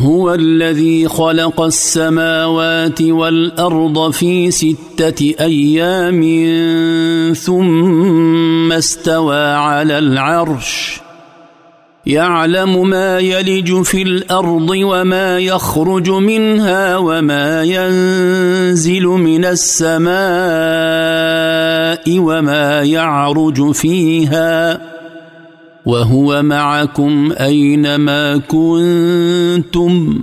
هو الذي خلق السماوات والارض في سته ايام ثم استوى على العرش يعلم ما يلج في الارض وما يخرج منها وما ينزل من السماء وما يعرج فيها وهو معكم اينما كنتم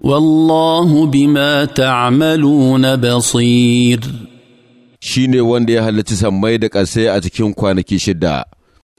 والله بما تعملون بصير shine wanda ya halarci sammai da ƙasai a cikin kwanaki shida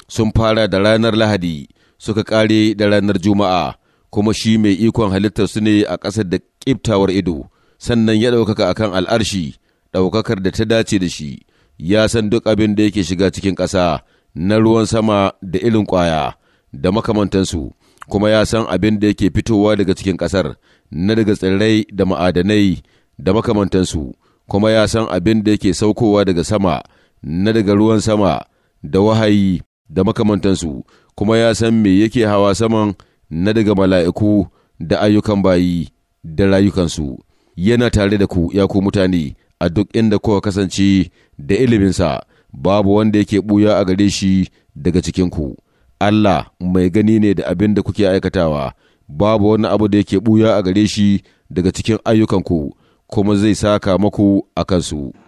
sun fara da ranar lahadi suka ƙare da ranar juma'a kuma shi mai ikon halittar su ne a ƙasar da ƙiftawar ido sannan ya ɗaukaka akan al'arshi ɗaukakar da ta dace da shi ya san duk abin da yake shiga cikin ƙasa na ruwan sama da ilin kwaya da makamantansu kuma ya san abin da yake fitowa daga cikin ƙasar na daga tsirrai da ma'adanai da makamantansu kuma ya san abin da yake saukowa daga sama na daga ruwan sama da wahayi da makamantansu kuma ya san me yake hawa saman na daga mala'iku da ayyukan bayi da rayukansu yana tare da ku ya ku mutane a duk inda kowa kasance da iliminsa babu wanda yake buya a gare shi daga cikinku, Allah mai gani ne da abin da kuke aikatawa, babu wani abu da yake buya a gare shi daga cikin ayyukanku, kuma zai saka maku a kansu.